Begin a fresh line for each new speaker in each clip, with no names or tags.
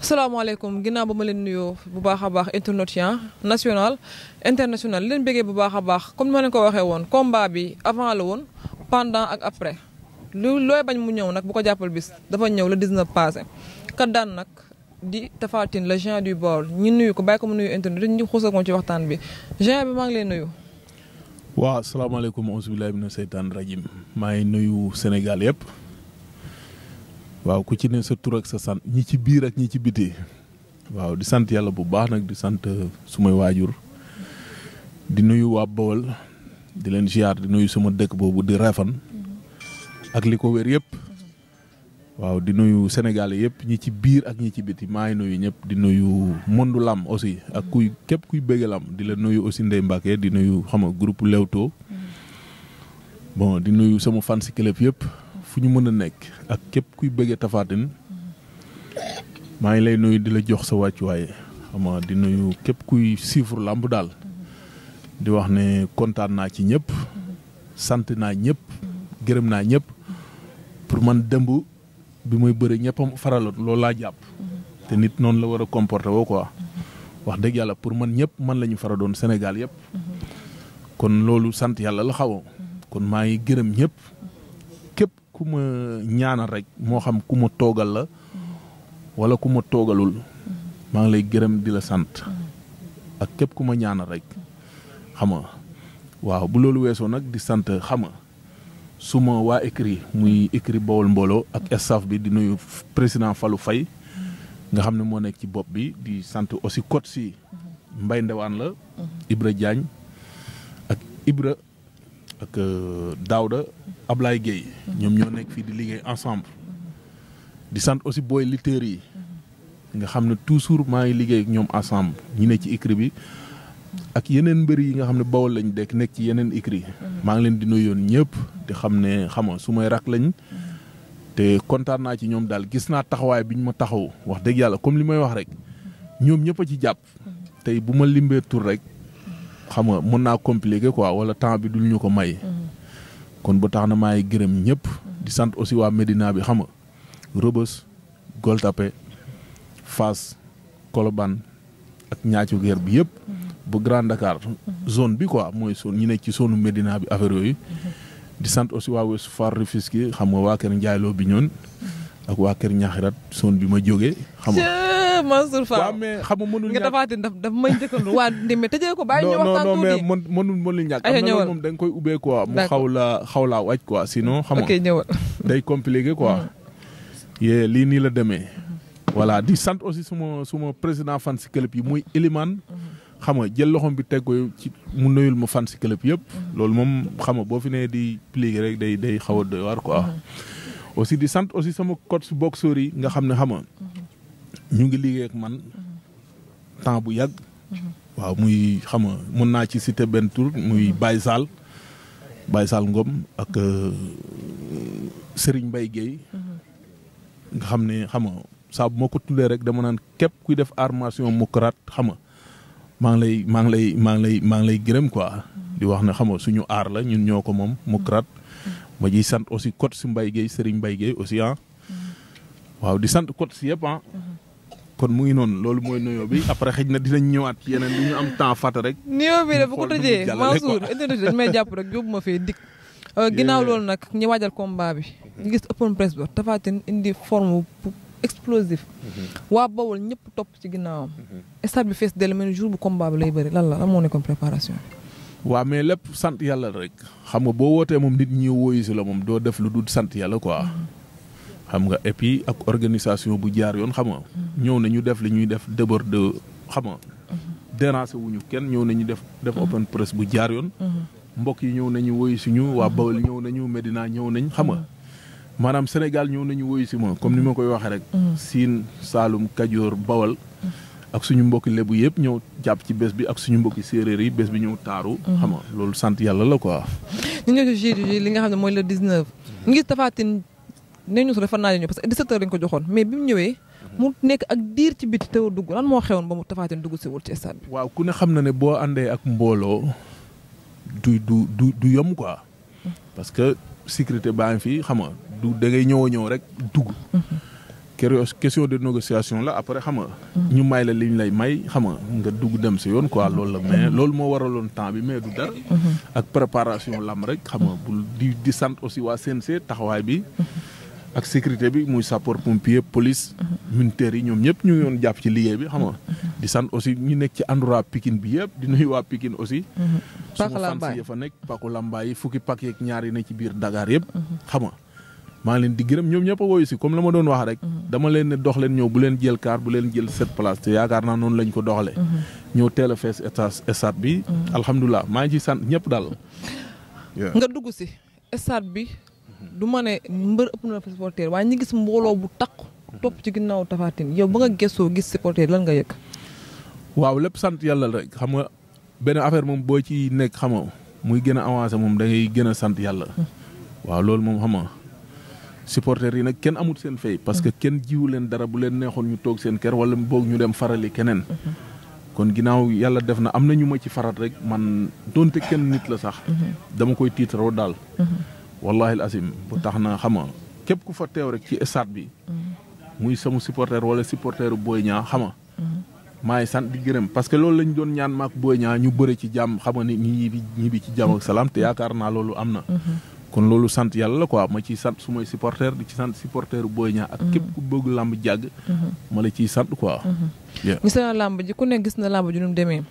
salaamaaleykum ginaaw ba ma leen nuyoo bu baax a baax internet national international leen bëggee bu baax a baax comme ma leen ko waxee woon combat bi avant la woon pendant ak après lu looy bañ mu ñëw nag bu ko jàppal bis dafa ñëw la 19 passé kat daan nag di Tapha Tine le géant du Baol ñu nuyu ko bàyyi ko mu nuyu internet ñu koo ci waxtaan bi géant bi maa ngi leen nuyu.
waaw salaamaaleykum auzu billaahi mina seytaani rajiim maa ngi nuyu Sénégal yëpp. waaw ku ci ne sa tur ak sa sant ñi ci biir ak ñi ci biti waaw di sant yàlla bu baax nag di sant uh, sumay waajur di nuyu waa Bawol di leen ziar di nuyu sama dëkk boobu di Réfane ak li ko wér yëpp waaw di nuyu Sénégal yëpp ñi ci biir ak ñi ci biti maa ngi nuyu ñëpp di nuyu Mondu Lam aussi ak kuy képp kuy bëgg lam di leen nuyu aussi Ndeye Mbacke di nuyu xam nga groupe Leewtoo mm-hmm. bon di nuyu sama fans club yëpp. fu ñu mën a nekk ak képp kuy bëggee Tapha maa ngi lay nuyu di la jox sa wàccuwaay ama di nuyu képp kuy suivre làmb daal di wax ne kontaan naa ci ñëpp sant naa ñëpp gërëm naa ñëpp pour man dëmb bi muy bëri ñëppam faralut loolu laa jàpp te nit noonu la war a comporter woo quoi wax dëgg yàlla pour man ñëpp man lañu fara doon Sénégal yëpp kon loolu sant yàlla la xaw kon maa ngi gërëm ñëpp ku ma ñaana rek moo xam ku ma toogal la wala ku ma toogalul maa ngi lay gërëm di la sant ak képp ku ma ñaana rek xam nga waaw bu loolu weesoo nag di sant xam nga su ma waa écrit muy écrit Bawol mbooloo ak staff bi di nuyu président falu Faye nga xam ne moo nekk ci bopp bi di sant aussi coach si mbay Ndewaan la Ibra Diagne ak Ibra ak euh, ab Ablaye Gueye ñoom ñoo nekk fii di liggéey ensemble di sant aussi booy lutteurs yi nga xam ne toujours maa ngi liggéey ak ñoom ensemble ñu ne ci écrit bi ak yeneen mbër yi nga xam ne bawol lañ dekk nekk ci yeneen écrit maa ngi leen di nuyoon ñëpp di xam ne xam nga su may rak lañ te kontaan naa ci ñoom daal gis naa taxawaay bi ñu ma taxaw wax dëgg yàlla comme li may wax rek ñoom ñëpp a ci jàpp tey bu ma limbee tour rek xam nga mën naa compliquer quoi wala temps bi dul ñu ko may. Mm-hmm. kon bu tax na maay gërëm ñëpp. di sant aussi waa Médina bi xama nga Rebeuss Goltapé Fass Colobane ak ñaacu guerre bi yëpp. Mm-hmm. bu Grand Dakar mm-hmm. zone bi quoi mooy zone ñu nekk ci zone Médina bi affaire yooyu. di sant aussi waa Ouest Foire Rufisque xam nga waa kër Ndiaye bi ñoon ak waa kër Ñaxirat zone bi ma jógee xam
Mansour Fall waaw mais xam ma mënul ñàkk nga tafaatin daf daf may njëkkandu waa ndimmi tëjee ko bàyyi ñu waxtaan tuuti non non mais
mën mënul mënul ñàkk am na moom da koy ubbee quoi mu xaw la xaw ko si quoi sinon xam nga ok ñëwal day compliqué quoi mm. yee lii nii la demee voilà di sant aussi suma suma président fan si club yi muy Elimane xam nga jël loxoom bi teg ko ci mu nuyul ma fan si club yëpp loolu moom xam nga boo fi nee di pliqué rek day day xaw a doy waar mm. aussi di sant aussi sama coach boxeur yi nga xam ne xam ñu ngi liggéey ak man temps bu yàgg. waaw muy xam nga mën naa ci cité benn muy Baye Sall Baye Sall Ngom ak euh, Serigne mbay Guèye. nga xam ne xam nga saa bu ma ko tuddee rek dama naan képp kuy def armation mukaraat xam nga maa ngi lay maa ngi lay maa ngi lay maa ngi lay gërëm quoi. di wax ne xam nga suñu aar la ñun ñoo ko moom mukaraat. ma ciy sant aussi coach si mbay Guèye Serigne Mbaye Guèye aussi ah. waaw di sant coach si yëpp ah. kon mu ngi noonu loolu mooy nuyoo bi après xëj na dinañ ñëwaat ci yeneen li am temps fàtte rek.
nuyoo bi de bu ko tëjee Mansour jàpp rek yóbbu ma fee dikk. Euh, ginnaaw loolu nag ñu waajal combat bi. ñu gis open press ba Tapha Tine indi forme explosif mm-hmm. waa Bawol ñëpp topp ci ginnaawam. Mm-hmm. stade bi fees dell mel jour bu combat bi lay bari lan la lan ne nekkoon préparation
waa mais lépp sant yàlla rek xam nga boo wootee moom nit ñi wóoyu si la moom doo def lu dul sant yàlla quoi. Mm-hmm. xam nga et puis ak organisation bu jaar yoon xam nga. Mm-hmm. ñëw nañu def li ñuy def déborde de xam nga. Mm-hmm. déranger wuñu kenn ñëw nañu def def mm-hmm. open press bu jaar yoon. mbokk yi ñëw nañu woyu si ñu waa Bawol ñëw nañu Medina ñëw nañ xam nga. maanaam Sénégal ñëw nañu woyu si ma comme ni ma koy waxee rek. Siin Saalum Kajoor Bawol. ak suñu mbokki lebu yëpp ñëw jàpp ci bés bi ak suñu mbokki séeréer yi bés bi ñëw taaru. xam nga loolu sant yàlla la quoi.
ñu ngi ci li nga xam ne ñu su dafa naa ñu parce que 17 heures lañ bi ñëwee mu nekk ak diir ci biti teewul dugg lan moo xewoon ba mu Tapha dugg si wul ci stade
bi waaw ku ne xam na ne boo àndee ak mbooloo du du du du yom quoi parce que sécurité baa ngi fii xam nga du ngay ñëw ñëw rek dugg keroog question de négociation la après xam nga ñu may la liñ lay may xam nga nga dugg dem si yoon quoi loolu la mais loolu moo waraloon temps bi mais du dara ak préparation lam rek xam nga bul di sant aussi waa CNC taxawaay bi ak sécurité bi muy sapeur pompier police. militaire yi ñoom ñëpp ñu ngi doon jàpp ci liggéey bi xam di sant aussi ñu nekk ci endroit Pikine bi yëpp di nuyu waa Pikine aussi. Paku Lambaay suma fan fa nekk Paku Lambaay yi fukki pak yeeg ñaar yi ne ci biir Dakar yëpp. xam nga maa ngi leen di gërëm ñoom ñëpp a woyu si comme la ma doon wax rek. dama leen ne dox leen ñëw bu leen jël kaar bu leen jël sept place te yaakaar naa noonu lañ ko doxalee. ñëw teel a fees
stade bi du ma ne mbër ëpp na fa supporter waaye ñi gis mbooloo bu takku. topp ci ginnaaw Tapha Tine yow ba nga gëstoo gis supporter lan nga yëg.
waaw lépp sant yàlla rek xam nga benn affaire moom boo ci nekk xam nga muy gën a avancé moom dangay ngay gën a sant yàlla. waaw loolu moom xam nga supporters yi nag kenn amut seen fay. parce que kenn jiwu leen dara bu leen neexoon ñu toog seen ker wala boog ñu dem farali keneen. kon ginnaaw yàlla def na am na ñu ma ci farat rek man donte kenn nit la sax. Mhm. wallahi al azim bu tax na xam nga képp ku fa teew rek ci stade bi. muy sama supporter wala supporteru Boy Niang xam nga maay sant di gërëm parce que loolu lañ doon ñaan maak Boy Niang ñu bëre ci jàmm xam nga ni ñi bi ci jàmm ak salaam te yaakaar naa loolu am na. kon loolu sant yàlla la quoi ma ciy sant su may supporter di ci sant supporteru Boy Niang ak képp ku bëgg làmb jàgg ma la ciy sant quoi.
Mhm. gis na làmb ji ku ne gis na làmb ji nu demee.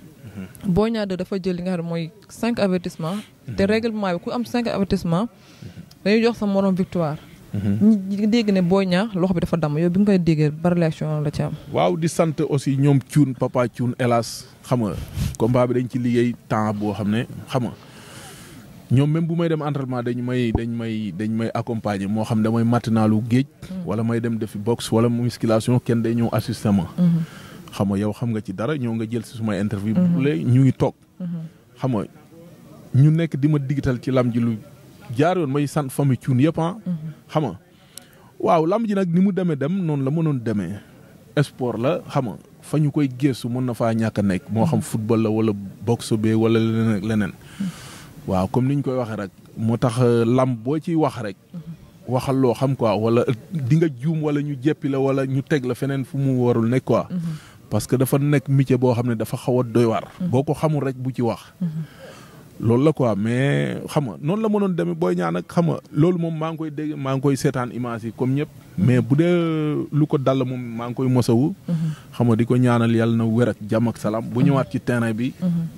Boy Niang de dafa jël li nga xam mooy cinq avertissement te mhm. règlement bi ku am cinq avertissement mhm. dañuy jox sa morom victoire mhm. ñi dégg ne booy Niang loxo bi dafa damm yow bi nga koy déggee ba relation la ci am
waaw di sant aussi ñoom cuun papa cuun hélas xam nga combat bi dañ ci liggéey temps boo xam ne xam nga ñoom même bu may dem entraînement dañ may dañ may dañ may accompagner moo xam ne damay matinalu géej wala may dem defi boxe wala musculation kenn day ñëw assisté ma xam nga yow xam nga ci dara ñëw nga jël si sumay interview. bu mhm. lee ñu ngi toog. Mhm. xam nga ñu nekk di ma digital ci lam ji lu jaar may sant famille cuun yëpp ah. Mhm. xam waaw lam ji nag ni mu demee dem noonu la mënoon demee sport la xam nga fa ñu koy gëstu mën na faa ñàkk nekk moo xam football la wala boxe be wala leneen ak leneen. waaw comme ni ñu koy waxee rek moo tax euh, lam boo ci wax rek. waxal loo xam quoi wala di nga juum wala ñu jéppi la wala ñu teg la feneen fu mu warul nekk parce que dafa nekk métier boo xam ne dafa xaw a doy waar. Mhm. boo ko xamul rek bu ci wax. Mhm. loolu la quoi mais xam nga noonu la mënoon demee booy ñaan ak xam nga loolu moom maa ngi koy dégg maa ngi koy seetaan image yi comme ñëpp. Mhm. mais bu dee lu ko dal moom maa ngi koy mosawu. xam nga di ko ñaanal yàlla na wér ak jàmm ak salaam. bu ñëwaat ci terrain bi.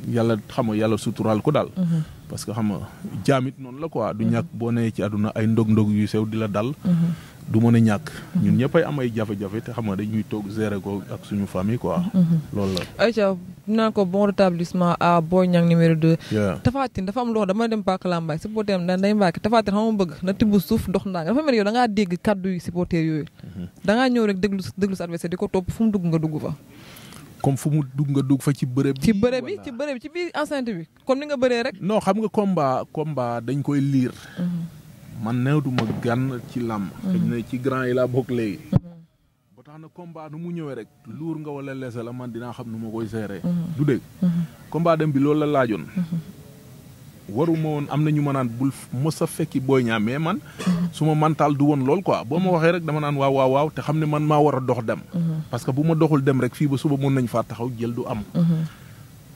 yàlla xam nga yàlla suturaal ko daal. parce que xam nga jaamit noonu la quoi du ñàkk boo nee ci àdduna ay ndog-ndog yu sew di la dal. du mën a ñàkk. ñun ñëpp ay am ay jafe-jafe te xam nga dañuy toog gérer ko ak
suñu famille quoi. Mm-hmm. loolu la. ayca naa ko bon rétablissement à Boy Niang numéro 2. Tapha dafa am loo dama dem Pàcc Lambaay supporter am day Mbacke Tapha Tine xam nga bëgg na tibb da ngaa dégg kàddu yu supporter yooyu. Mm-hmm. da ngaa ñëw rek déglu déglu sa adversaire di ko topp fu mu dugg nga dugg fa.
fu mu dugg nga dugg fa ci bërëb bi. ci bërëb bi ci
bërëb bi ci biir enceinte bi comme
ni nga bëree rek. non xam nga combat combat dañ koy liir. Mm-hmm. man neewtuma gan ci làm mhm. xëy na ci grand yi laa bokk léegi mhm. ba tax na combat nu mu ñëwee rek luur nga wala leese la man dinaa xam nu ma koy seeree mhm. du dégg combat dem bi loolu la laajoon waruma woon am na ñu ma naan bul mos a fekki booy ñaa mais man su suma mental du woon lool ko boo ma waxee rek dama naan waaw waaw waaw te xam ne man maa war a dox dem parce que bu ma doxul dem rek fii ba suba mën nañ faa taxaw jël du am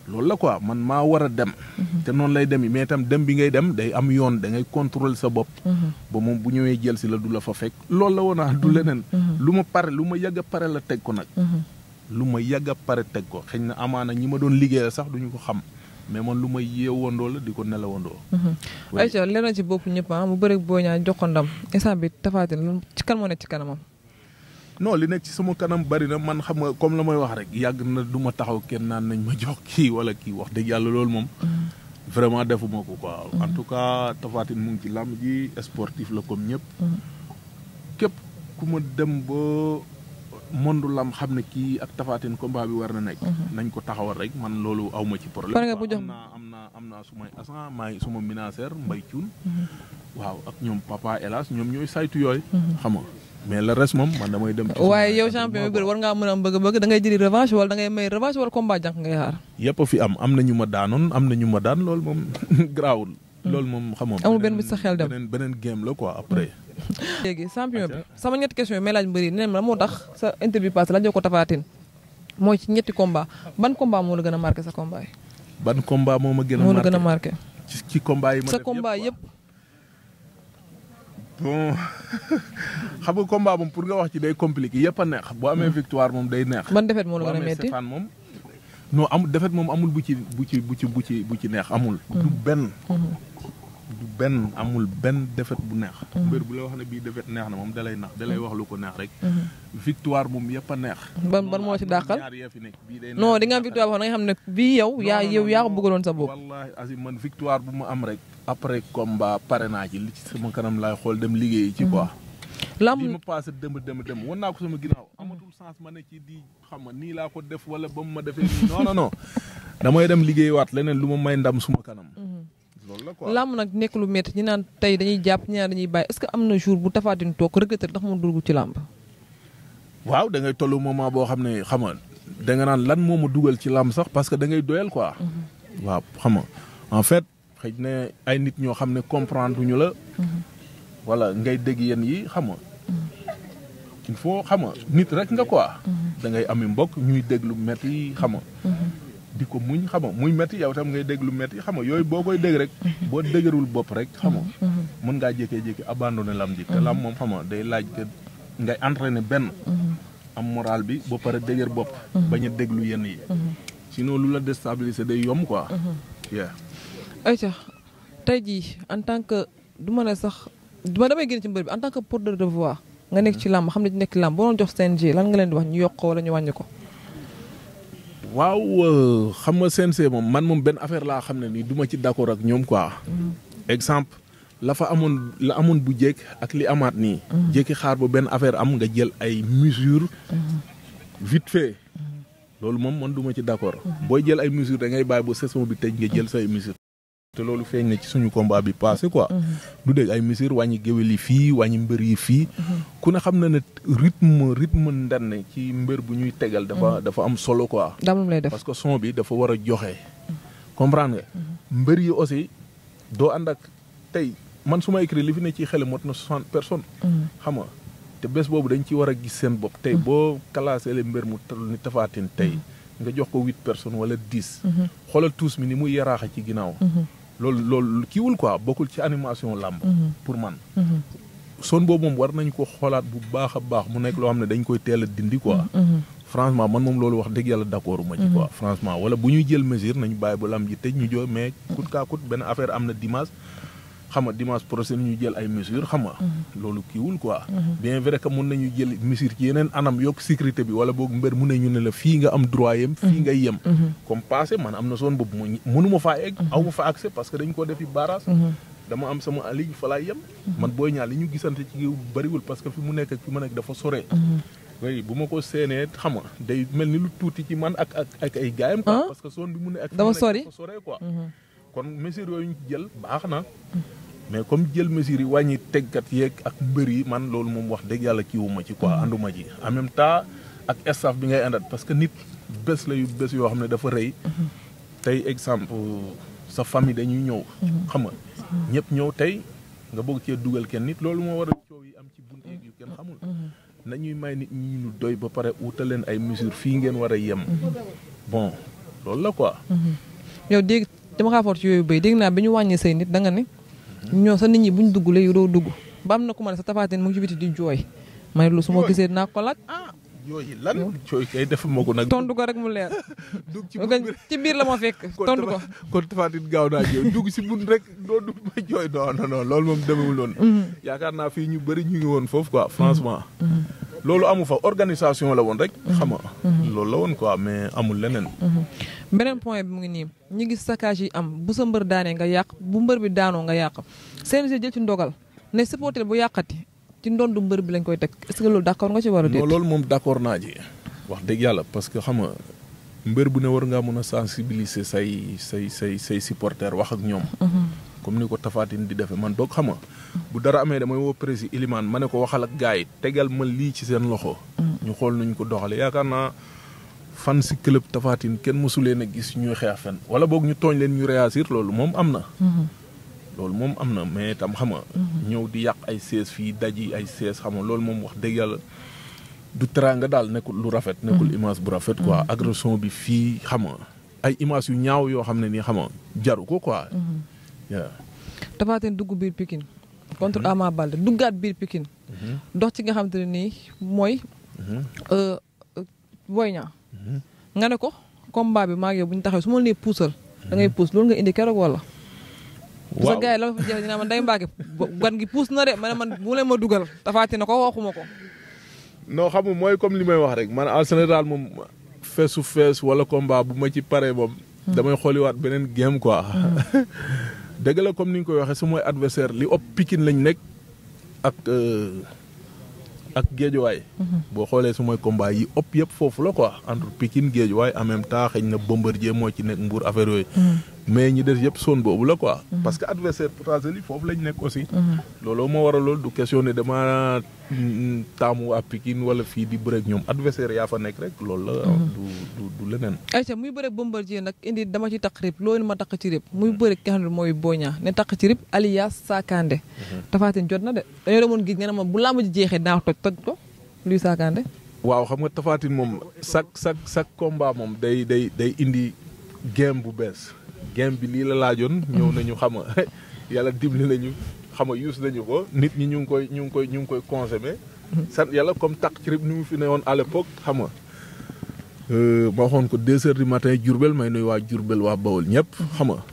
lool la quoi man maa war a dem. Mhm. te noonu lay dem yi mais itam dem bi ngay dem day am yoon da ngay sa bopp. Mhm. ba moom bu ñëwee jël si la du la fa fekk. loolu la woon ah du mhm. leneen. lu ma pare lu ma yàgg a pare la teg ko nag. lu ma yàgg a pare teg ko xëy na amaana ñi ma doon liggéeyal sax duñu ko xam. mais man lu may yeewandoo la di ko nelawandoo. ayca
leneen ci bopp ñëpp ah mu bëri boo ñaa jox ko ndam instant bi tafaatin ci kan moo nekk ci kanamam.
non li nekk ci sama kanam bari na man xam nga comme la may wax rek yàgg na duma taxaw kenn naan nañ ma jox kii wala kii wax dëgg yàlla loolu moom. Mm. vraiment defuma ko quoi. Mm. en tout cas Tapha mu ngi ci làmb ji sportif la comme ñëpp. Mm. képp ku ma dem ba mondu lam xam ne kii ak tafaatin Tine bi war na nekk. Mm-hmm. nañ ko taxawal rek man loolu awma ci problème. pare jox am naa am naa am naa sumay agent maay suma ménagère mbay cuun mm-hmm. waaw ak ñoom papa hélas ñoom ñooy saytu yooyu. Mm-hmm. xam mais la reste moom man damay dem. waaye yow champion bi war ngaa mën a am bëgg-bëgg
jëli revanche wala da may revanche wala combat jànk ngay xaar.
yëpp fi am am na ñu ma daanoon am na ñu ma daan loolu moom garaawul. Hmm. loolu moom xamoon amul benn bu sa xel dem
beneen beneen game la quoi après. léegi champion bi sama ñetti question yi may laaj mbëri nee na moo tax sa interview passé laajoo ko tafaatin mooy ci ñetti combat ban combat moo la gën a marqué sa combat
ban combat moo ma gën a marqué moo a marqué. ci ci yi ma def yëpp yëpp bon xam nga combat moom pour nga wax ci day compliqué yëpp a neex. boo amee mm. victoire moom day neex. man defet moo la gën a metti boo moom. non amul defet moom amul bu ci bu ci bu ci bu ci bu ci neex amul. Mm. du benn. Mm-hmm. du benn amul benn défaite bu neex. Mhm. mbër bu la wax ne bii défaite neex na moom dalay nax dalay wax lu ko neex rek. Mhm. victoire moom yëpp a neex.
ban ban moo ci dàqal non di nga am victoire boo xam ne bii yow. yaa yow yaa ko bëggaloon sa bopp. wallaahi asi man victoire
bu ma am rek. après combat pare naa ci li ci sama kanam ba mu ma defee nii damay dem liggéey waat leneen lu ma may ndam suma kanam. Mhm.
làmb nag nekk lu métti ñi naan tey dañuy jàpp ñi naan dañuy bàyyi est-ce que am na jour bu Tapha Tine toog regretté ndax a dugg ci làmb
waaw da ngay toll moment boo xam ne xam da nga naan lan moo ma dugal ci làmb sax parce que da ngay doyal quoi. Mm-hmm. waaw xam en fait xëy na ay nit ñoo xam ne comprendre ñu la. wala mm-hmm. ngay dégg yenn yi xam nga. Mm-hmm. il faut xam nga nit rek nga quoi. da ngay ami mbokk ñuy déglu métti yi xam nga. di ko muñ xam nga muy métti yow tam ngay dégg lu métti xam yooyu boo koy dégg rek boo dëgërul bopp rek xam nga mën mm-hmm. ngaa jékkee-jékki abandonné lam ji te lam moom xam day laaj te ngay entraîné benn
mm-hmm.
am moral bi ba pare dëgër bopp mm-hmm. bañ a déglu yenn yi sinon lu la déstabiliser day yomb quoi yeah
ayca tey jii en tant que du ma ne sax duma damay génn ci mbër bi en tant que porteur de voix nga nekk ci làmb xam ne ci nekk làmb boo doon jox CNG lan nga leen di ñu yokk ko wala ko
waaw euh, xam nga CNG moom man moom benn affaire laa xam ne nii duma ci d'accord ak ñoom quoi. exemple la fa amoon la amoon bu jékk ak li amaat nii. jékki xaar ba benn affaire am nga jël ay mesures. vite fait. loolu moom man du ci d'accord. Mhm. booy jël ay mesures da ngay bàyyi ba saison bi tëj nga jël say mesures. te loolu feeñ na ci suñu combat bi passé quoi. Mhm. du dégg ay mesures wàññi géwél yi fii wàññi mbër yi fii. Mhm. ku ne xam na ne rythme rythme ndan ci mbër bu ñuy tegal. dafa mhm. dafa am solo quoi. lay def parce que son bi dafa war a joxe. comprendre nga. mbër yi aussi doo ànd ak tey man su ma écrit li fi ne ci xel mot na soixante personnes. xam nga te bés boobu dañ ci war a gis seen bopp. tey boo classé le mbër mu ni tafaatin tey nga jox ko huit personnes wala dix. xoolal tuus mi ni muy yaraaxa ci ginnaaw. loolu loolu kiiwul quoi bokkul ci animation làmb mhm. pour man mhm. son boobu moom war nañ ko xoolaat bu baax baax mu nekk loo xam ne dañ koy teel a dindi ko mhm, franchement man moom loolu wax dëgg yàlla d'accord ma ci quoi franchement wala bu ñuy jël mesure nañ bàyyi ba lamb ji tëj ñu joo mais coûte que coûte benn affaire am na dimanche xam nga dimanche prochain ñu jël ay mesures xam nga. Mhm. loolu kiiwul quoi. Mhm. bien vrai que mun nañu jël mesure ci yeneen anam yokk sécurité bi wala boog mbër mu ne ñu ne la fii nga am droit yem. fii mhm. nga yem. comme passé man am na zone boobu mu mënuma faa egg. aw que dañ ko defi barrage. dama am sama ligne man booy ñaar li ñu gisante ci bariwul parce que fi mu nekk ak fi ma nekk dafa sore. bu ma ko seenee xam nga day mel ni lu tuuti ci man ak ak ak ay gaayam quoi ah? parce que zone bi mu ne ak sore sori quoi kon mesure yooyu ñu jël baax na. mais comme jël mesures yi wàññi tegkat yeeg ak mbër yi man loolu moom wax dëgg yàlla kiiwuma ci quoi ànduma mm-hmm. ji en même temps ak staff bi ngay àndat parce que nit bés la bés yoo xam ne dafa rëy mm-hmm. tey exemple sa famille dañuy ñëw mm-hmm. xam nga ñëpp ñëw tey nga bëgg cee dugal kenn nit loolu moo war a coow
yi am ci bunt yeeg yu kenn xamul
nañuy may nit ñi ñu doy ba pare wutal leen ay mesures fii ngeen war a yem
bon loolu la quoi yow dégg dama rapport ci yooyu béy dégg naa bi ñu wàññi say nit da nga ne ñoo sa nit ñi buñ dugg léegi doo dugg ba am na ku ma ne sa Tapha Tine mu di jooy ma ne lu su ma gisee dinaa ko laaj ah.
yooyu lan yooyu hmm? kay defuma ko nag. tontu
ko rek mu leer. dugg ci biir ci biir la ma fekk tontu ko.
kon tafaatit gaaw naa jooy dugg si bun rek doo dugg ma jooy non non non loolu moom demewul woon. Hmm. yaakaar naa fi ñu bëri ñu woon foofu quoi franchement. Hmm. loolu amu fa organisation la woon rek. xam nga loolu la woon quoi mais amul leneen.
beneen point bi mu ngi nii ñu gis saccage yi am bu sa mbër daanee nga yàq bu mbër bi daanoo nga yàq. CNG jël ci ndogal ne supporter bu yàqati. ci ndondu mbër bi lañ koy teg est ce que loolu d' accord nga ci war a. déet non
loolu moom d' accord wax dëgg yàlla parce que xam nga mbër bu ne war ngaa mën a sensibiliser say say say say supporters wax ak ñoom. Mhm. comme ni ko tafaatin di defee man boog xam nga bu dara amee damay woo prési Ilimane ma ne ko waxal ak gars yi tegal ma lii ci seen loxo. Mhm. ñu xool nuñ ko doxalee yaakaar naa fan si club tafaatin kenn mosu leen a gis ñuy xeex fen wala boog ñu tooñ leen ñu réagir loolu moom am na. Mhm. loolu moom am na mais itam xam nga. Mhm. ñëw di yàq ay sees fii daji ay sees xam nga loolu moom wax dëgg yàlla du teraanga daal nekkul lu rafet. nekkul mhm. image bu rafet quoi mhm. agression bi fii xam nga ay image yu ñaaw yoo xam ne nii xam jaru ko quoi.
Tapha Tine dugg biir Pikine contre Ama Baldé duggaat biir pikin dox ci nga xam te ne nii mooy. Euh, euh, Boy Niang nga ne ko combat bi maa ngi yow bu ñu taxawee su ma nee puusal. da ngay puus loolu nga indi keroog walla waaw sa gars yi la ma fa jëlee ñu gi puus na de man man mu leen ma dugal tafaati na ko waxuma ko.
non xam nga mooy comme li may wax rek man en général moom feesu fees wala combat bu ma ci paree moom. Hmm. damay xooliwaat beneen game quoi.
Hmm.
dëgg la comme ni nga koy waxee su mooy adversaire li ëpp Pikine lañ nekk ak euh, ak géejuwaay. Hmm. boo xoolee su mooy combat yi ëpp yëpp foofu la quoi entre Pikine géejuwaay en même temps xëy na Bombardier moo ci nekk mbuur affaire yooyu. mais ñi des yëpp zone boobu la quoi. Mhm. parce que adversaire potentiel yi foofu lañ nekk aussi. Mhm. looloo moo waral loolu du question dama taamu waa Pikine wala fii di bëreeg ñoom adversaire yaa fa nekk rek loolu la. Mhm. du du du leneen.
ayca muy bëreeg Bombardier nag indi dama ci taq rib loolu ma taq ci rib muy bëreeg ki nga xam ne mooy Boña ne taq ci rib alias Sakandé. Tafaatine jot na de dañoo demoon gis nga ne ma bu làmb ji jeexee daaw toj toj ko luy
waaw xam nga Tafaatine moom chaque chaque chaque combat moom day day day indi game bu bees. game bi lii la laajoon ñëw nañu xam nga yàlla dimbali nañu xam nga yuus nañu ko nit ñi ñu ngi koy ñu ngi koy ñu ngi koy consommer sant yàlla comme takk ci ni mu fi ne woon à xam nga euh, ma waxoon ko deux heures du matin Diourbel may nuyu waa Diourbel waa Bawol ñëpp xam nga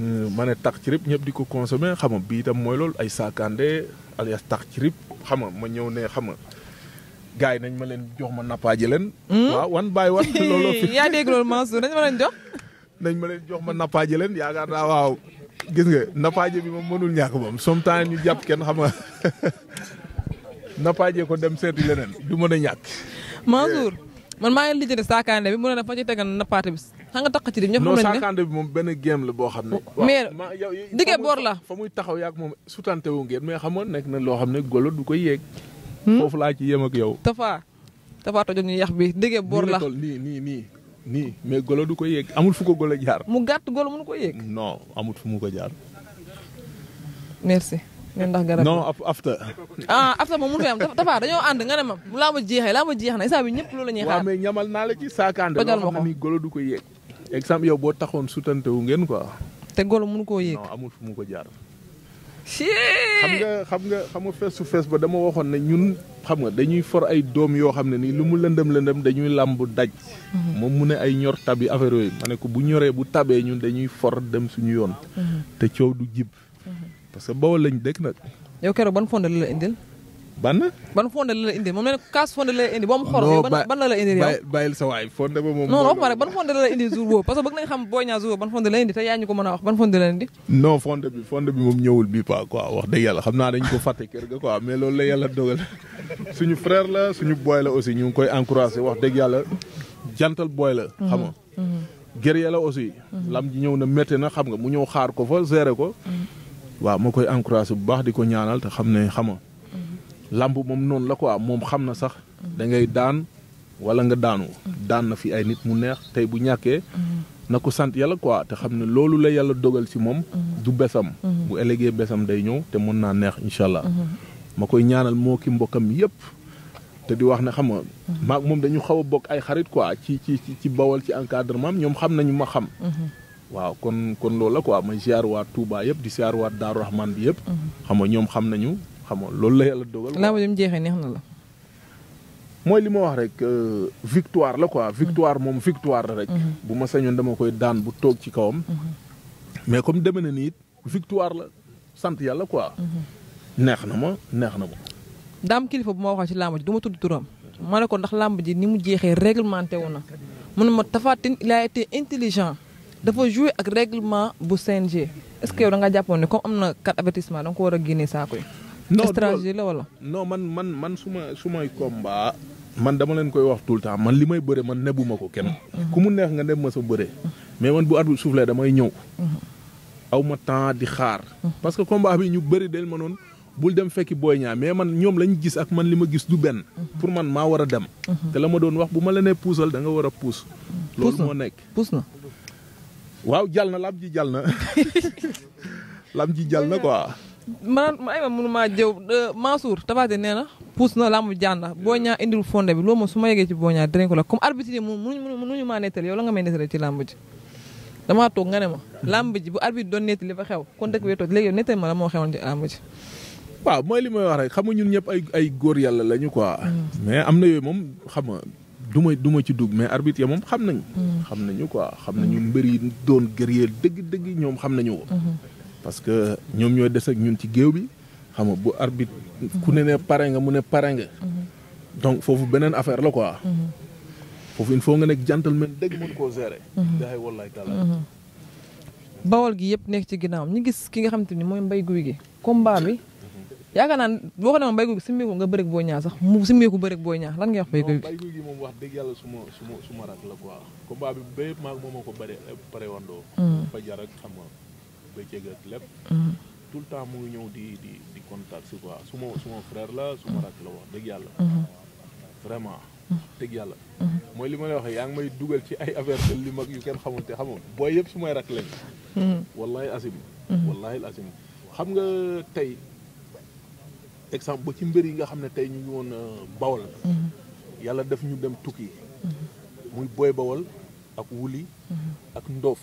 euh, ma ne tax cirib ñëpp di ko consommer xam bii itam mooy loolu ay saakande alias tax cirib xam nga ma ñëw ne xam nga gars yi nañ ma leen jox ma nappaaje leen. Hmm? waaw wan bàyyi wan. looloo yaa dégg loolu Mansour nañ ma leen jox. nañ ma leen jox ma nappaaje leen yaakaar naa waaw gis nga nappaaje bi moom mënul ñàkk moom sometimes ñu jàpp kenn xam nga nappaaje ko dem seeti leneen du mën a ñàkk.
ma man maa ngi lijjanti saakaande bi mu ne dafa ci tegal nappaate bi xam nga tax ci dem ñëpp mën nañu saakaande
bi moom benn game la boo xam ne. Oh, mais
diggee boor la fa muy taxaw yaak moom
sutante wu ngeen mais xam nga nekk na loo xam ne golo du ko yéeg. Hmm? foofu laa ci yem ak yow. Tafa Tafa tojoon ñu yax bi diggee boor la nii mais golo du ko yéeg amul fu ko golo jaar.
mu gàtt golo mënu ko yéeg.
non amul fu mu ko jaar.
merci. ne ndax garab non afta. ah afta moom mënu fa am dafa dañoo ànd nga ne ma laa ma jeexee laa ma jeex na saa bi ñëpp loolu la ñuy xaar. waaw mais
ñamal naa la ci saakaande. tojal ma ni golo du ko yéeg. exemple yow boo taxoon sutante wu ngeen ko te golo mënu koo yéeg. non mu ko jaar. xam nga xam nga xam nga fees su fees ba dama waxoon ne ñun xam nga dañuy for ay doom yoo xam ne nii lu mu lëndëm lëndëm dañuy làmb daj. Mhm. moom mu ne ay ñor tab yi affaire yooyu ma ne ko bu ñoree bu tabee ñun dañuy for dem
suñu yoon. Mhm. te coow du jib. Mhm. parce que bawol lañ dëkk nag. yow keroog ban fond la indil. ban na. ban fonde la la indi moom nee na kaas fonde la la indi. boo mu xorom ban la la indi yow bàyyi
bàyyil sa waay fonde ba moom. non non
pare ban fonde la la indi jour boobu parce que bëgg nañ xam booy ñaar jour ban fonde la indi te yaa ñu ko mën a wax ban fonde la indi.
non fonde bi fonde bi moom ñëwul bi pas quoi wax dëgg yàlla xam naa dañ ko fàtte kër ga quoi mais loolu la yàlla dogal suñu frère la suñu boy la aussi ñu ngi koy encouragé wax dëgg yàlla jantal boy la. Mhm, xam nga mhm. guerrier la aussi. Mhm. lam ji ñëw na métti na xam nga mu ñëw xaar ko fa gérer ko. waaw ma koy encouragé bu baax di ko ñaanal te xam ne xam nga làmb moom noonu la quoi moom xam na sax dangay ngay daan wala nga daanu daan na fi ay nit mu neex tey bu ñàkkee na ko sant yàlla quoi te xam ne loolu la yàlla dogal ci moom du besam bu ëllëgee besam day ñëw te mën naa neex incha allah ma koy ñaanal moo ki mbokkam yëpp te di wax ne xam nga maag moom dañu xaw a bokk ay xarit quoi ci ci ci bawal ci encadrement ñoom xam nañu ma xam waaw kon kon loolu la ko quoi may ziar waa tuubaa yëpp di ziar waa Daaru Rahman bi yëpp xam nga ñoom xam nañu xamoon loolu la yàlla dogal.
làmb ji mu jeexee neex na la.
mooy li ma wax rek euh, victoire la quoi victoire mhm. moom victoire la rek. Mhm. bu ma sañoon dama koy daan bu toog ci kawam. Mhm. mais comme deme na nii victoire la sant yàlla quoi. neex na ma neex
na ma. daam kilifa bu ma waxoon ci làmb ji du ma tudd turam. ma ne ko ndax làmb ji ni mu jeexee réglementé wu na mu na ma Tapha Tine il a été intelligent dafa joué ak règlement bu CNG. est-ce que yow da nga jàppoon ne comme am na quatre da nga war a génnee saako yi. non stratégie
la wala. non man man man su ma su may combat man dama leen koy wax tout le temps man li may bëre man nebuma ko kenn. ku mu neex nga neb ma sa bëre. mais man bu at bi soufflé damay ñëw. aw ma temps di xaar. parce que combat bi ñu bëri del ma noonu bul dem fekki booy ñaa mais man ñoom lañ gis ak man li ma gis du benn. pour man maa war a dem. te la ma doon wax bu ma la nee puusal da nga war a puus.
loolu moo nekk puus na
waaw jàll na lam ji jàll na lam ji jàll na quoi.
man ay ma mënumaa jëw euh, Mansour Tapha Tine nee na puus na làmb jaan na boo ñaa indil fonde bi loolu moom su ma yeggee ci boo ñaa dinañ ko la comme arbitre yi mënuñu mënuñu la nga may nettali ci làmb ne ma xew kon dëkk bee toog mooy li may wax
rek xam nga ñun ñëpp ay ay góor yàlla lañu quoi mm. mais am na moom xam nga du ma du ma ci dugg mais arbitre moom xam nañu mm. xam nañu quoi xam nañu mbër yi doon gërëyeel dëgg dëgg ñoom xam nañu ko mm-hmm. parce que ñoom ñooy des ñun ci géew bi xam nga bu arbitre ku ne ne pare nga mu ne pare nga donc foofu beneen affaire la quoi foofu il faut nga nekk gentleman dëgg mën koo gérer
bawol gi yëpp nekk ci ginnaawam ñu gis ki nga xam te ni mooy mbay guy gi combat bi yaakaar naa boo ko demoon mbay guy gi simmeeku nga bëreeg boo ñaa sax mu simmeeku bëreeg boo ñaa lan ngay wax mbay guy
gi moom wax dëgg yàlla suma suma suma rak la quoi combat bi ko bëree pare wandoo mm. fa jar bëccëg ak lépp. Mm-hmm. tout le temps muy ñëw di di di contact si quoi suma suma frère la suma mm-hmm. rakk la wax dëgg yàlla. Mm-hmm. vraiment. dëgg yàlla. mooy li ma lay waxee yaa ngi may dugal ci ay affaire te li mag yu kenn xamul te xamul booy yëpp su may rakk
leen.
wallahi asim. wallahi asim xam nga tey exemple ba ci mbir yi nga xam ne tey ñu ngi woon euh, Bawol. yàlla daf ñu dem tukki. muy booy Bawol ak wuli. ak ndoof.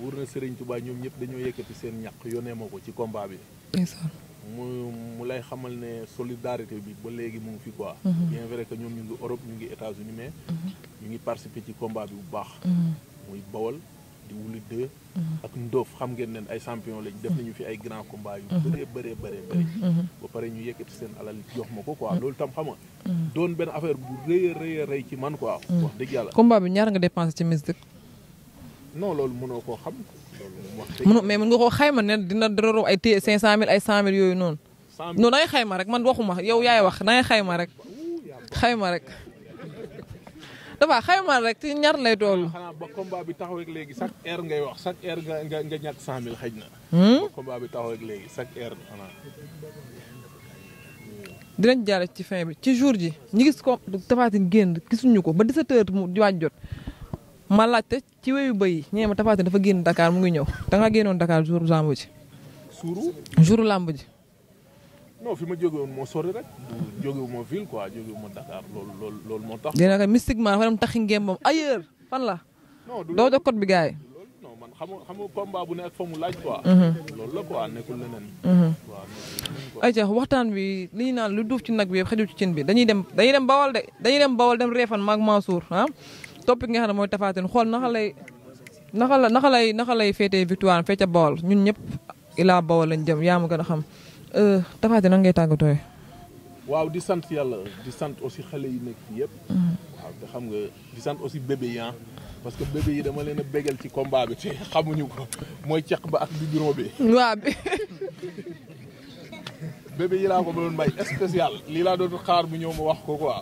wóor na Serigne Touba ñoom ñëpp dañoo yëkkati seen ñàq yónnee ko ci combat bi. mu mu lay xamal ne solidarité bi ba léegi mu ngi fi quoi. Mhm. bien vrai que ñoom ñu ngi Europe ñu ngi États-Unis mais. Mhm. ñu ngi participer ci combat bi bu baax. Mhm. muy Bawol di Wuli 2. ak Ndoof xam ngeen neen ay champion lañ. def nañu fi ay grand combat yu bëree bëree bëree bëri. ba pare ñu yëkkati seen alal jox ma ko quoi loolu tam xam nga. doon benn affaire bu rëy a rëy a ci
man quoi. wax dëgg yàlla combat bi ñaar nga dépensé ci mes
non loolu mënoo koo xam.
loolu mais mën nga koo xayma ne dina doro ay téye 500000 ay 100000 yooyu noonu. 100000 non da xayma rek man waxuma yow yaay wax da xayma rek. xayma rek. dafa xayma rek ci ñaar lay toll.
xanaa ba combat bi taxaw léegi chaque heure ngay wax chaque heure nga nga nga ñàkk hmm? bi taxaw ak léegi chaque heure xanaa.
dinañ ci fin bi ci jour ji ñu gis ko Tapha Tine génn gisuñu ko ba 17h mu waaj jot. ma laajte ci wéyu bay yi ñee ma Tapha dafa génn Dakar mu ngi ñëw da ngaa génnoon Dakar jour lamb ji. suuru jour lamb ji.
non fi ma jóge moo sori rek. jóge wu ma ville quoi jóge loolu moo tax. dina ko
mystiquement dafa dem taxi ngémbam ailleurs fan la. non doo jox code bi gars yi.
non man xam nga xam bu ne ak mu laaj quoi. Mhm. loolu la quoi nekkul leneen. waaw mhm. nekkul
waxtaan bi li ñu naan lu duuf ci nag bi yëpp xajul bi dañuy dem dañuy dem bawal de dañuy dem bawal dem reefan ma Mansour ah. topp ki nga xam mooy Tapha Tine xool naka lay naka la naka lay naka lay féetee victoire fecca Bawol ñun ñëpp ilaa Bawol lañ jëm yaa ma gën a xam euh, Tapha Tine nan ngay tàggatooyee.
waaw di sant yàlla di sant aussi xale yi nekk fii yëpp. Mm-hmm. waaw te xam nga di sant aussi bébé ah. parce que bébé yi dama leen a bégal ci combat bi te xamuñu ko mooy ceq ba ak biberon bi. waaw. bébé yi laa ko doon may spécial lii laa doon xaar bu ñëw ma wax ko quoi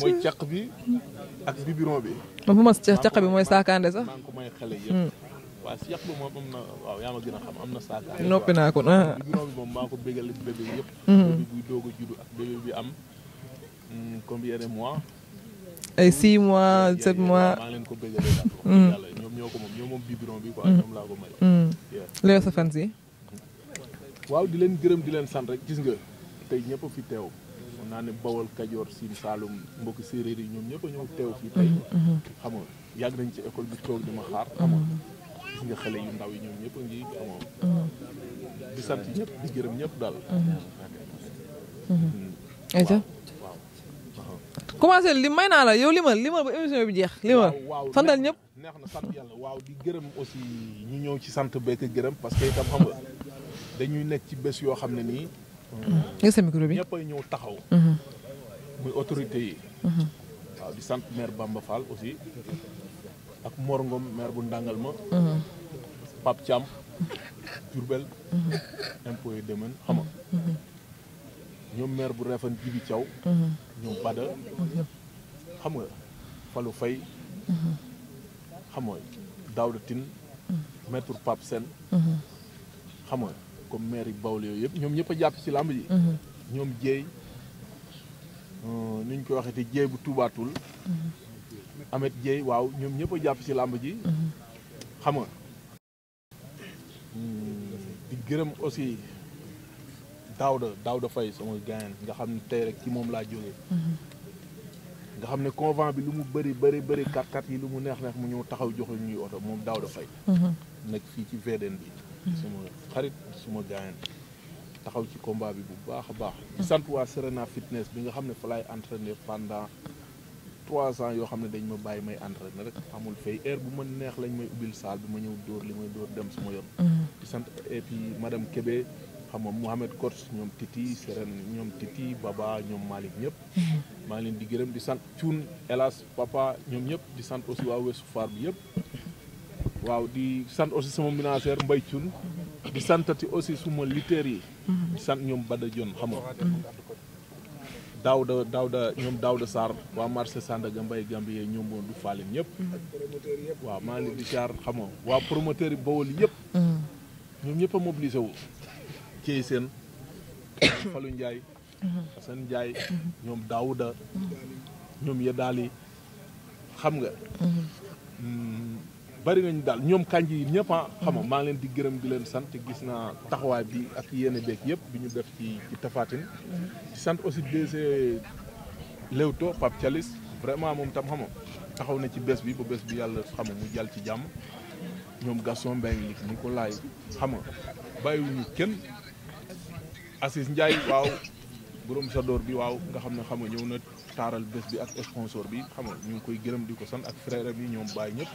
mooy caq bi ak biberon bi.
moom ma caq bi mooy saakaande sax. maa ngi ko may xale yëpp. Hmm.
waaw si yàq a xam am na saakaande. noppi naa ko ah. biberon ko bégal bébé yëpp. Hmm. a juddu ak bébé hmm,
ay 6 mois 7 mois. maa leen ko
waaw di leen gërëm di leen sant rek gis nga tey ñëpp fi teew mun naa ne Bawol Kajoor Siin Saalum mbokk séeréer yi ñoom ñëpp a ñëw teew fii tey mm-hmm, mm-hmm. xam nga yàgg nañ ci école bi toog di ma xaar mm-hmm. xam nga gis yu ndaw yi ñoom ñëpp a ngi xam nga di sant ñëpp di
waaw li may naa la yow limal limal ba na
sant yàlla waaw di gërëm aussi ñu ñëw ci sant bekk gërëm parce que itam xam dañuy nekk ci bés yoo xam ne nii. nga bi ñëppay ñëw taxaw. Mhm. muy autorité yi. Mhm. waaw di sant maire Bamba Fall aussi ak Mor Ngom bu ndàngal ma. Mhm. Pape Thiam. Diourbel. impôt demen xam ñoom maire bu Réfane Djibi Thiaw. ñoom Bada. xam nga Fallou Faye. xam nga Daouda Tine. maître Pape Sène. comme maire yi Bawol yooyu yëpp ñoom ñëpp a jàpp si làmb ji. Mhm. ñoom jéey euh, ni ñu koy waxee te jéey bu tuubaatul. Mhm. amet jéey waaw ñoom ñëpp jàpp ci làmb ji. Mhm. xam nga hmm, di gërëm aussi Daouda Daouda Faye sama gaañ nga xam ne tey rek ci moom laa jógee. nga xam ne convent bi lu mu bëri bëri bëri kat kat yi lu mu neex neex mu ñëw taxaw joxe ñuy oto moom Daouda Faye. nekk fii ci VDN bi. Mm-hmm. suma xarit suma gaayan taxaw ci combat bi bu baax a baax di sant waa Serena Fitness bi nga xam ne fa laay entraîner pendant trois ans yoo xam ne dañ ma bàyyi may entraîner rek amul fay heure bu ma neex lañ may ubbil saal bi ma ñëw dóor li may dóor dem suma yoon mm-hmm. di sant et puis madame Kébé xam nga Mouhamed Kors ñoom Titi Seren ñoom Titi Baba ñoom Malick ñëpp
mm-hmm.
maa ngi leen di gërëm di sant Thioune Elas Papa ñoom ñëpp di sant aussi waa Ouest Foire bi yëpp waaw di sant aussi sama manager Mbaye Thioune di santati aussi suma lutteurs yi mhm. di sant ñoom Bada Dione xam nga Daouda Daouda ñoom Daouda Sarr waa marché Sandaga Mbaye Gambie ñoom woon du faale ñëpp mhm. waaw maa di jaar xam waa promoteur yi Bawol mhm. ñoom ñëpp a mobilisé wu ciy seen Fallou Ndiaye Assane ñoom Daouda ñoom Yedali xam nga mm, bari nañu daal ñoom kanji yi ñëpp ah. xam nga maa ngi leen di gërëm di leen sant gis naa taxawaay bi ak yenn a beeg yëpp bi ñu def ci ci tafaatin di sant aussi DG Leewtoo Pape Thialis vraiment moom tam xam taxaw na ci bees bi ba bés bi yàlla xam nga mu jàll ci jàmm ñoom Gaston Mbengue ni ko laay xam nga bàyyiwuñu kenn Assis Ndiaye waaw borom sa door bi waaw nga xam ne xam nga ñëw na taaral bés bi ak sponsor bi xam nga ñu ngi koy gërëm di ko sant ak frère bi ñoom bàyyi ñëpp.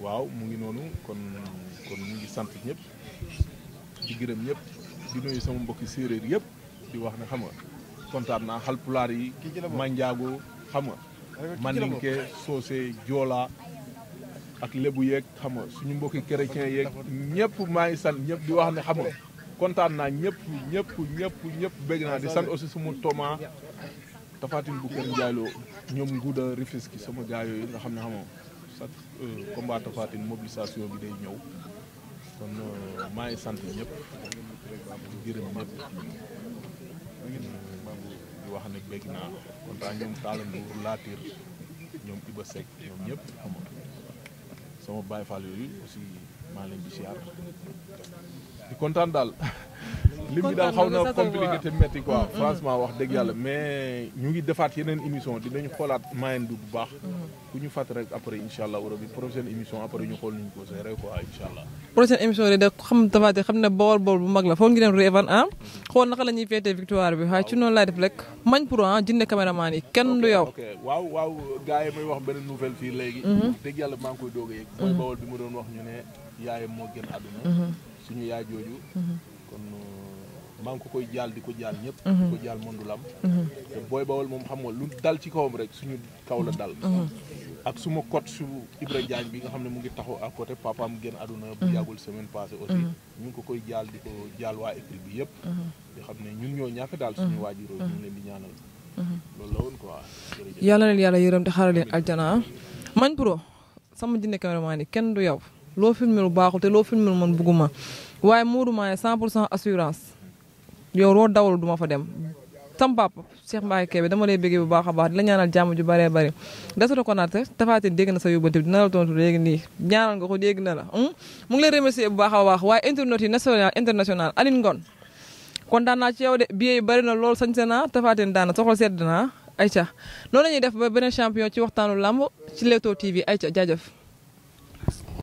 waaw mu ngi noonu kon kon mu ngi sant ñëpp di gërëm ñëpp di nuyu sama mbokki séeréer yëpp di wax ne xam nga kontaan naa xalpulaar yi manjaago xam nga mandinke soose joola ak lébu yeeg xam nga suñu mbokki chrétien yeeg ñëpp maa ngi sant ñëpp di wax ne xam nga kontaan naa ñëpp ñëpp ñëpp ñëpp bëgg naa di sant aussi suma toma tafatin bu kenn jaayloo ñoom nguuda Rufisque sama gaa yooyu nga xam ne xamoo chaque euh, combat Tapha Tine mobilisation bi day ñëw kon euh, maa ngi sant ñëpp di gërëm ñëpp di wax ne bégg naa kontaan ñoom Talla Ndour Latir ñoom Iba Seck ñoom ñëpp sama Baye Fall yooyu aussi maa leen di siyaar di kontaan daal lim bi daal xaw na compliqué te metti quoi franchement wax dëgg yàlla mais ñu ngi defaat yeneen émission dinañu xoolaat mayen du bu baax ku ñu fàtt rek après incha allah rabi prochaine émission après ñu xool ñu ko géré quoi incha
xam ne bool bool bu mag la foog ngi dem Révan ah. xool naka la ñuy féetee victoire bi waaye ci noonu laay def rek mañ pour ah jënd caméraman yi kenn du yow.
waaw waaw yi may wax beneen nouvelle fii léegi. Mhm. dëgg yàlla maa koy doog a yëg. Mhm. bool bi ma doon wax ñu ne yaayam moo gën àdduna. Mhm. suñu yaay jooju. maa ngi ko koy jaal di ko jaal ñëpp. Mhm. di ko jaal mondu lam mhm. te booy bawol moom xam nga lu dal ci kawam rek suñu kaw la dal. Mhm. ak suma kot su Ibra Diagne bi nga xam ne mu ngi taxaw à côté papaam génn àdduna bu yàggul semaine passée aussi ñu ngi ko koy
leen la woon quoi yàlla leen yàlla yërëm te xaaral leen aljana man pro sama jinne cameraman yi kenn du yow loo filmé lu baaxul te loo filmé lu man bugguma waaye Modou Mané 100 pour cent assurance yow roo dawul duma fa dem sam papa Cheikh Mbaye Kébé dama lay bëggee bu baax a baax di la ñaanal jàmm ju bëree bëri desata ko naat tafaati dégg na sa yóbbante bi dina léegi nii ñaanal nga ko dégg na la hmm? mu ngi lay remercier bu baax a baax waaye internet yi national international Aline Ngone na lool sañ se naa tafaatin daana soxla sedd naa Aïcha noonu la def ba beneen champion ci waxtaanu làmb ci Leewtoo TV Aïcha jaajëf